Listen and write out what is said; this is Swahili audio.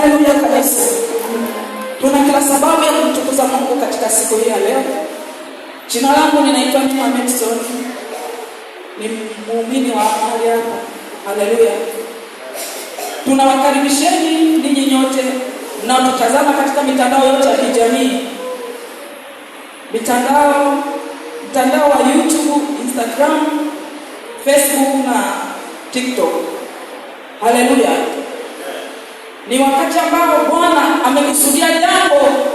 Haleluya kabisa. Tuna kila sababu ya kumtukuza Mungu katika siku hii ya leo. Jina langu ninaitwa Mima Metson. Ni muumini wa mahali hapa. Haleluya. Tunawakaribisheni ninyi nyote mnaotutazama katika mitandao yote ya kijamii. Mitandao mtandao wa YouTube, Instagram, Facebook na TikTok. Haleluya ni wakati ambao Bwana amekusudia jambo